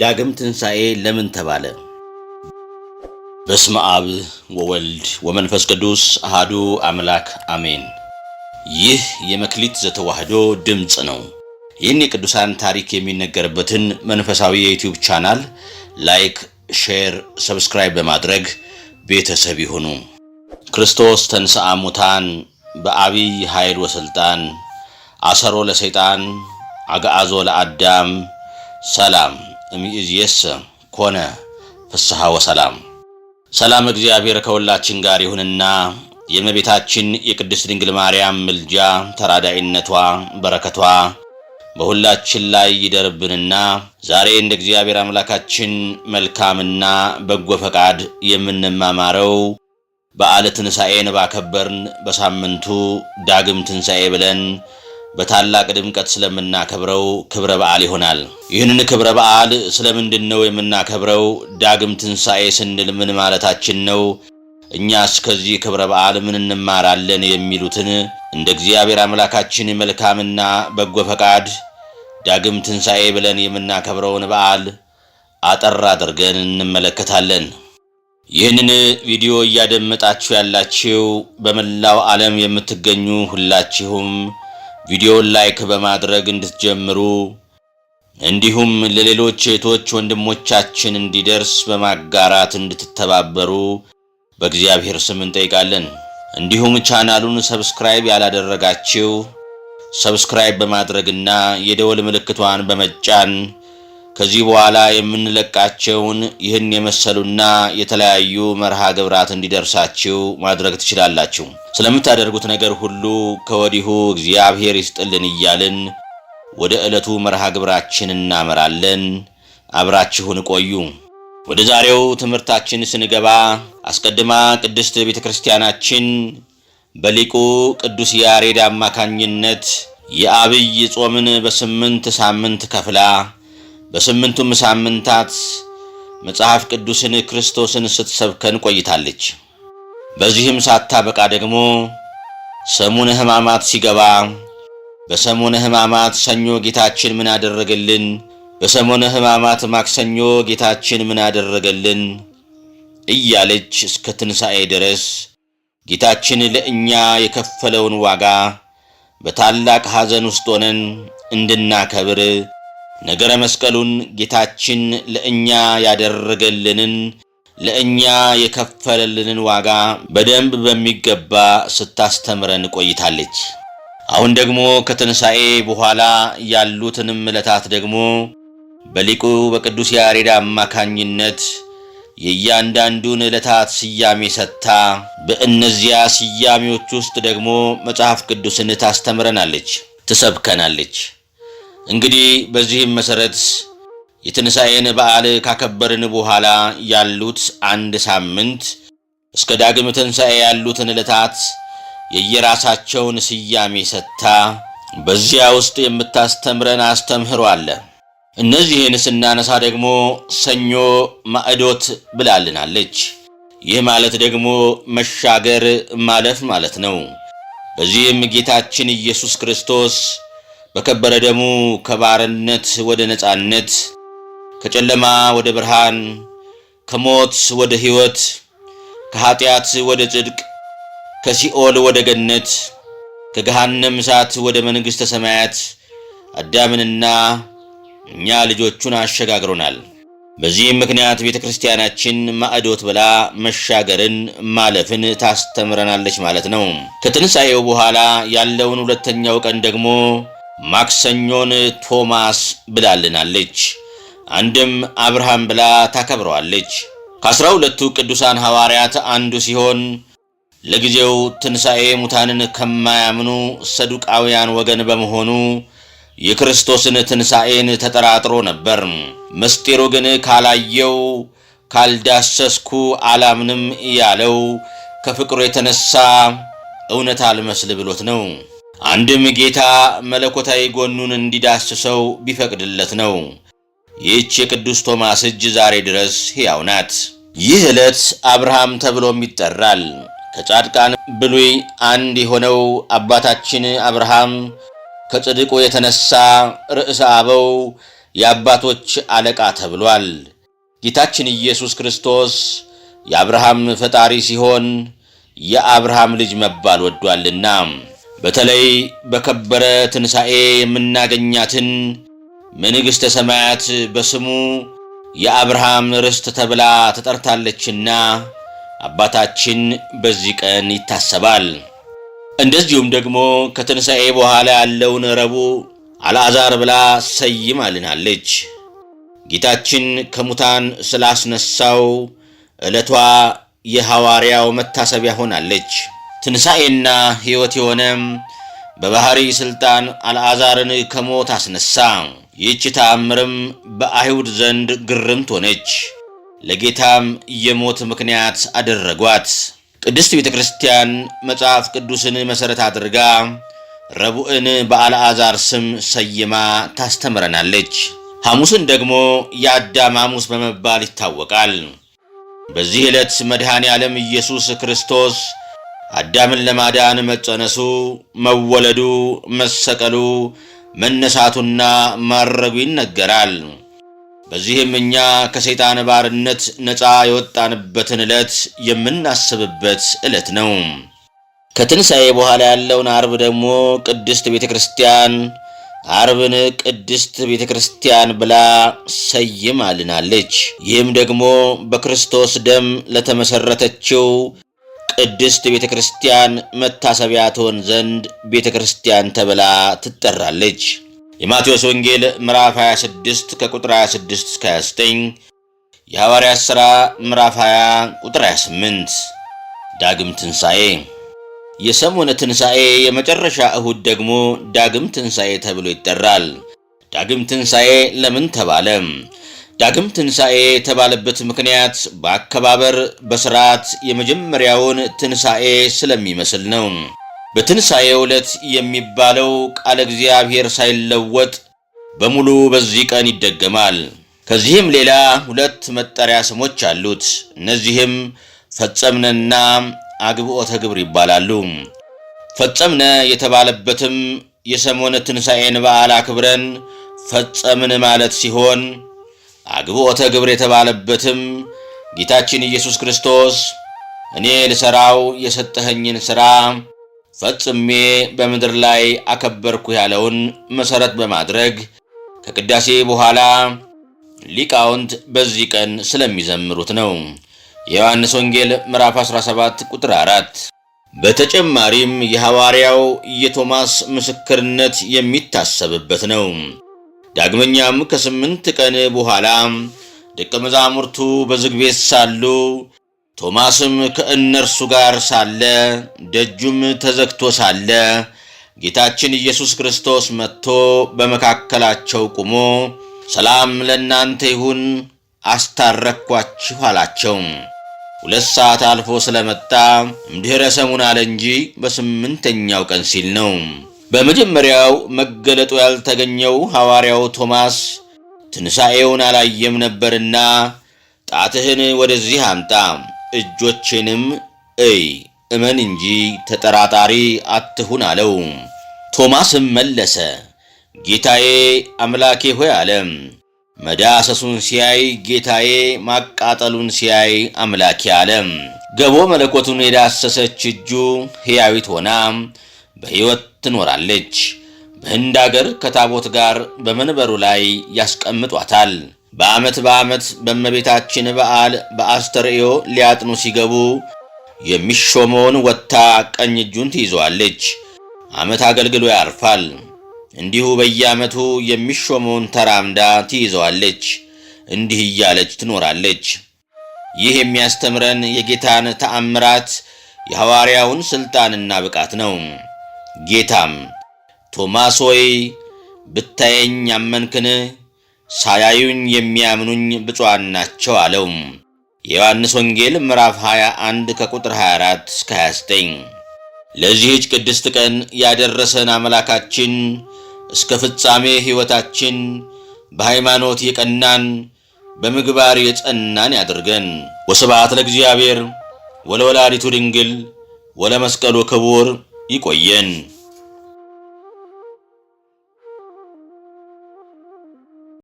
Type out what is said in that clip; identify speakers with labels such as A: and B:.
A: ዳግም ትንሣኤ ለምን ተባለ? በስመ አብ ወወልድ ወመንፈስ ቅዱስ አሃዱ አምላክ አሜን። ይህ የመክሊት ዘተዋህዶ ድምፅ ነው። ይህን የቅዱሳን ታሪክ የሚነገርበትን መንፈሳዊ የዩቲዩብ ቻናል ላይክ፣ ሼር፣ ሰብስክራይብ በማድረግ ቤተሰብ ይሁኑ። ክርስቶስ ተንሥአ ሙታን በአቢይ ኃይል ወሥልጣን አሰሮ ለሰይጣን አግዓዞ ለአዳም ሰላም እምይእዜሰ ኮነ ፍስሐ ወሰላም። ሰላም እግዚአብሔር ከሁላችን ጋር ይሁንና የእመቤታችን የቅድስት ድንግል ማርያም ምልጃ ተራዳይነቷ በረከቷ በሁላችን ላይ ይደርብንና ዛሬ እንደ እግዚአብሔር አምላካችን መልካምና በጎ ፈቃድ የምንማማረው በዓለ ትንሣኤን ባከበርን በሳምንቱ ዳግም ትንሣኤ ብለን በታላቅ ድምቀት ስለምናከብረው ክብረ በዓል ይሆናል። ይህንን ክብረ በዓል ስለምንድን ነው የምናከብረው? ዳግም ትንሣኤ ስንል ምን ማለታችን ነው? እኛስ ከዚህ ክብረ በዓል ምን እንማራለን? የሚሉትን እንደ እግዚአብሔር አምላካችን መልካምና በጎ ፈቃድ ዳግም ትንሣኤ ብለን የምናከብረውን በዓል አጠር አድርገን እንመለከታለን። ይህንን ቪዲዮ እያደመጣችሁ ያላችሁ በመላው ዓለም የምትገኙ ሁላችሁም ቪዲዮ ላይክ በማድረግ እንድትጀምሩ እንዲሁም ለሌሎች እህቶች ወንድሞቻችን እንዲደርስ በማጋራት እንድትተባበሩ በእግዚአብሔር ስም እንጠይቃለን። እንዲሁም ቻናሉን ሰብስክራይብ ያላደረጋችሁ ሰብስክራይብ በማድረግና የደወል ምልክቷን በመጫን ከዚህ በኋላ የምንለቃቸውን ይህን የመሰሉና የተለያዩ መርሃ ግብራት እንዲደርሳችሁ ማድረግ ትችላላችሁ። ስለምታደርጉት ነገር ሁሉ ከወዲሁ እግዚአብሔር ይስጥልን እያልን ወደ ዕለቱ መርሃ ግብራችን እናመራለን። አብራችሁን ቆዩ። ወደ ዛሬው ትምህርታችን ስንገባ አስቀድማ ቅድስት ቤተ ክርስቲያናችን በሊቁ ቅዱስ ያሬድ አማካኝነት የአብይ ጾምን በስምንት ሳምንት ከፍላ በስምንቱም ሳምንታት መጽሐፍ ቅዱስን ክርስቶስን ስትሰብከን ቆይታለች። በዚህም ሳታበቃ ደግሞ ሰሙነ ሕማማት ሲገባ በሰሙነ ሕማማት ሰኞ ጌታችን ምን አደረገልን? በሰሙነ ሕማማት ማክሰኞ ጌታችን ምን አደረገልን? እያለች እስከ ትንሣኤ ድረስ ጌታችን ለእኛ የከፈለውን ዋጋ በታላቅ ሐዘን ውስጥ ሆነን እንድናከብር ነገረ መስቀሉን ጌታችን ለእኛ ያደረገልንን ለእኛ የከፈለልንን ዋጋ በደንብ በሚገባ ስታስተምረን ቆይታለች። አሁን ደግሞ ከትንሣኤ በኋላ ያሉትንም ዕለታት ደግሞ በሊቁ በቅዱስ ያሬድ አማካኝነት የእያንዳንዱን ዕለታት ስያሜ ሰጥታ በእነዚያ ስያሜዎች ውስጥ ደግሞ መጽሐፍ ቅዱስን ታስተምረናለች፣ ትሰብከናለች። እንግዲህ በዚህም መሰረት የትንሣኤን በዓል ካከበርን በኋላ ያሉት አንድ ሳምንት እስከ ዳግም ትንሣኤ ያሉትን ዕለታት የየራሳቸውን ስያሜ ሰጥታ በዚያ ውስጥ የምታስተምረን አስተምህሮ አለ። እነዚህን ስናነሳ ደግሞ ሰኞ ማዕዶት ብላልናለች። ይህ ማለት ደግሞ መሻገር፣ ማለፍ ማለት ነው። በዚህም ጌታችን ኢየሱስ ክርስቶስ በከበረ ደሙ ከባርነት ወደ ነፃነት፣ ከጨለማ ወደ ብርሃን፣ ከሞት ወደ ሕይወት፣ ከኀጢአት ወደ ጽድቅ፣ ከሲኦል ወደ ገነት፣ ከገሃነም እሳት ወደ መንግሥተ ሰማያት አዳምንና እኛ ልጆቹን አሸጋግሮናል። በዚህም ምክንያት ቤተ ክርስቲያናችን ማዕዶት ብላ መሻገርን ማለፍን ታስተምረናለች ማለት ነው። ከትንሣኤው በኋላ ያለውን ሁለተኛው ቀን ደግሞ ማክሰኞን ቶማስ ብላልናለች። አንድም አብርሃም ብላ ታከብረዋለች። ከአስራ ሁለቱ ቅዱሳን ሐዋርያት አንዱ ሲሆን ለጊዜው ትንሣኤ ሙታንን ከማያምኑ ሰዱቃውያን ወገን በመሆኑ የክርስቶስን ትንሣኤን ተጠራጥሮ ነበር። ምስጢሩ ግን ካላየው ካልዳሰስኩ አላምንም ያለው ከፍቅሩ የተነሳ እውነት አልመስል ብሎት ነው። አንድም ጌታ መለኮታዊ ጎኑን እንዲዳስሰው ቢፈቅድለት ነው። ይህች የቅዱስ ቶማስ እጅ ዛሬ ድረስ ሕያው ናት። ይህ ዕለት አብርሃም ተብሎም ይጠራል። ከጻድቃን ብሉይ አንድ የሆነው አባታችን አብርሃም ከጽድቁ የተነሳ ርዕሰ አበው የአባቶች አለቃ ተብሏል። ጌታችን ኢየሱስ ክርስቶስ የአብርሃም ፈጣሪ ሲሆን የአብርሃም ልጅ መባል ወዷልና በተለይ በከበረ ትንሣኤ የምናገኛትን መንግሥተ ሰማያት በስሙ የአብርሃም ርስት ተብላ ተጠርታለችና አባታችን በዚህ ቀን ይታሰባል። እንደዚሁም ደግሞ ከትንሣኤ በኋላ ያለውን ረቡዕ አልዓዛር ብላ ሰይማልናለች። ጌታችን ከሙታን ስላስነሳው ዕለቷ የሐዋርያው መታሰቢያ ሆናለች። ትንሣኤና ሕይወት የሆነ በባሕሪ ሥልጣን አልዓዛርን ከሞት አስነሣ። ይህች ተአምርም በአይሁድ ዘንድ ግርምት ሆነች፣ ለጌታም የሞት ምክንያት አደረጓት። ቅድስት ቤተ ክርስቲያን መጽሐፍ ቅዱስን መሠረት አድርጋ ረቡዕን በአልዓዛር ስም ሰይማ ታስተምረናለች። ሐሙስን ደግሞ የአዳም ሐሙስ በመባል ይታወቃል። በዚህ ዕለት መድኃኔ ዓለም ኢየሱስ ክርስቶስ አዳምን ለማዳን መጸነሱ፣ መወለዱ፣ መሰቀሉ፣ መነሳቱና ማረጉ ይነገራል። በዚህም እኛ ከሰይጣን ባርነት ነፃ የወጣንበትን ዕለት የምናስብበት ዕለት ነው። ከትንሣኤ በኋላ ያለውን አርብ ደግሞ ቅድስት ቤተ ክርስቲያን አርብን ቅድስት ቤተ ክርስቲያን ብላ ሰይማልናለች። ይህም ደግሞ በክርስቶስ ደም ለተመሠረተችው ቅድስት ቤተ ክርስቲያን መታሰቢያ ትሆን ዘንድ ቤተ ክርስቲያን ተብላ ትጠራለች። የማቴዎስ ወንጌል ምዕራፍ 26 ከቁጥር 26 እስከ 29፣ የሐዋርያት ሥራ ምዕራፍ 20 ቁጥር 28። ዳግም ትንሣኤ። የሰሙነ ትንሣኤ የመጨረሻ እሁድ ደግሞ ዳግም ትንሣኤ ተብሎ ይጠራል። ዳግም ትንሣኤ ለምን ተባለም ዳግም ትንሣኤ የተባለበት ምክንያት በአከባበር በሥርዓት የመጀመሪያውን ትንሣኤ ስለሚመስል ነው። በትንሣኤ ዕለት የሚባለው ቃለ እግዚአብሔር ሳይለወጥ በሙሉ በዚህ ቀን ይደገማል። ከዚህም ሌላ ሁለት መጠሪያ ስሞች አሉት። እነዚህም ፈጸምነና አግብኦተ ግብር ይባላሉ። ፈጸምነ የተባለበትም የሰሞነ ትንሣኤን በዓል አክብረን ፈጸምን ማለት ሲሆን አግብኦተ ግብር የተባለበትም ጌታችን ኢየሱስ ክርስቶስ እኔ ልሠራው የሰጠኸኝን ሥራ ፈጽሜ በምድር ላይ አከበርኩ ያለውን መሠረት በማድረግ ከቅዳሴ በኋላ ሊቃውንት በዚህ ቀን ስለሚዘምሩት ነው። የዮሐንስ ወንጌል ምዕራፍ 17 ቁጥር 4። በተጨማሪም የሐዋርያው የቶማስ ምስክርነት የሚታሰብበት ነው። ዳግመኛም ከስምንት ቀን በኋላ ደቀ መዛሙርቱ በዝግ ቤት ሳሉ ቶማስም ከእነርሱ ጋር ሳለ ደጁም ተዘግቶ ሳለ ጌታችን ኢየሱስ ክርስቶስ መጥቶ በመካከላቸው ቁሞ ሰላም ለእናንተ ይሁን፣ አስታረቅኳችሁ አላቸው። ሁለት ሰዓት አልፎ ስለመጣ እምድኅረ ሰሙን አለ እንጂ በስምንተኛው ቀን ሲል ነው። በመጀመሪያው መገለጡ ያልተገኘው ሐዋርያው ቶማስ ትንሣኤውን አላየም ነበርና ጣትህን ወደዚህ አምጣ፣ እጆቼንም እይ፣ እመን እንጂ ተጠራጣሪ አትሁን አለው። ቶማስም መለሰ፣ ጌታዬ አምላኬ ሆይ አለ። መዳሰሱን ሲያይ ጌታዬ፣ ማቃጠሉን ሲያይ አምላኬ አለ። ገቦ መለኮቱን የዳሰሰች እጁ ሕያዊት ሆና በሕይወት ትኖራለች። በህንድ አገር ከታቦት ጋር በመንበሩ ላይ ያስቀምጧታል። በዓመት በዓመት በእመቤታችን በዓል በአስተርእዮ ሊያጥኑ ሲገቡ የሚሾመውን ወጥታ ቀኝ እጁን ትይዘዋለች። ዓመት አገልግሎ ያርፋል። እንዲሁ በየዓመቱ የሚሾመውን ተራምዳ ትይዘዋለች። እንዲህ እያለች ትኖራለች። ይህ የሚያስተምረን የጌታን ተአምራት የሐዋርያውን ሥልጣንና ብቃት ነው። ጌታም ቶማስ ሆይ ብታየኝ አመንክን? ሳያዩኝ የሚያምኑኝ ብፁዓን ናቸው አለው። የዮሐንስ ወንጌል ምዕራፍ 21 ከቁጥር 24 እስከ 29። ለዚህች ቅድስት ቀን ያደረሰን አምላካችን እስከ ፍጻሜ ሕይወታችን በሃይማኖት የቀናን በምግባር የጸናን ያድርገን። ወስብሐት ለእግዚአብሔር ወለወላዲቱ ድንግል ወለመስቀሉ ክቡር 一过瘾。